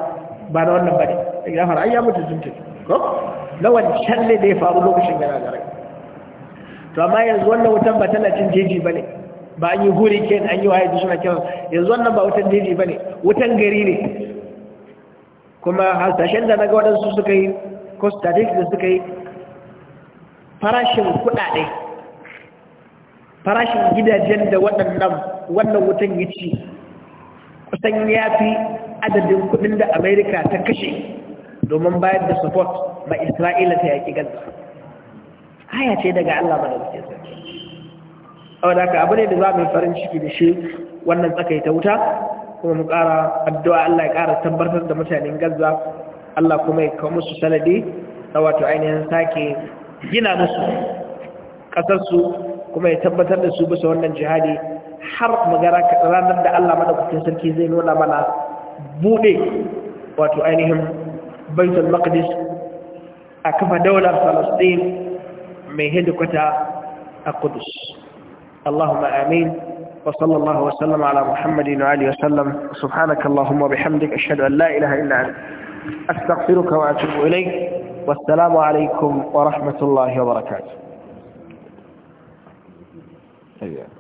S1: ba na wannan ba ne jafar an ya mutu sun ko na wancan ne da ya faru lokacin yana da rai to amma yanzu wannan wutan ba tana cin jeji ba ba an yi hurricane an yi waye dushuna suna yanzu wannan ba wutan jeji bane. wutan gari ne kuma hasashen da daga waɗansu suka yi ko statistics da suka yi farashin kuɗaɗe farashin gidajen da waɗannan wannan wutan ya ci kusan ya fi adadin kuɗin da amerika ta kashe domin bayar da support ma isra'ila ta yaƙi gaza aya ce daga Allah ba da suke Wadda ka abu ne da za mu farin ciki da shi wannan ta wuta kuma mu ƙara addu'a Allah ya ƙara tabbatar da mutanen Gaza Allah kuma ya kawo musu sanadi da wato ainihin sake gina musu ƙasarsu kuma ya tabbatar da su bisa wannan jihadi har magana ranar da Allah madaukakin sarki zai nuna mana buɗe wato ainihin baitul maqdis a kafa daular falastin ميهد كتا القدس اللهم آمين وصلى الله وسلم على محمد وعلي وسلم سبحانك اللهم وبحمدك أشهد أن لا إله إلا أنت أستغفرك وأتوب إليك والسلام عليكم ورحمة الله وبركاته
S3: Yeah. أيوة.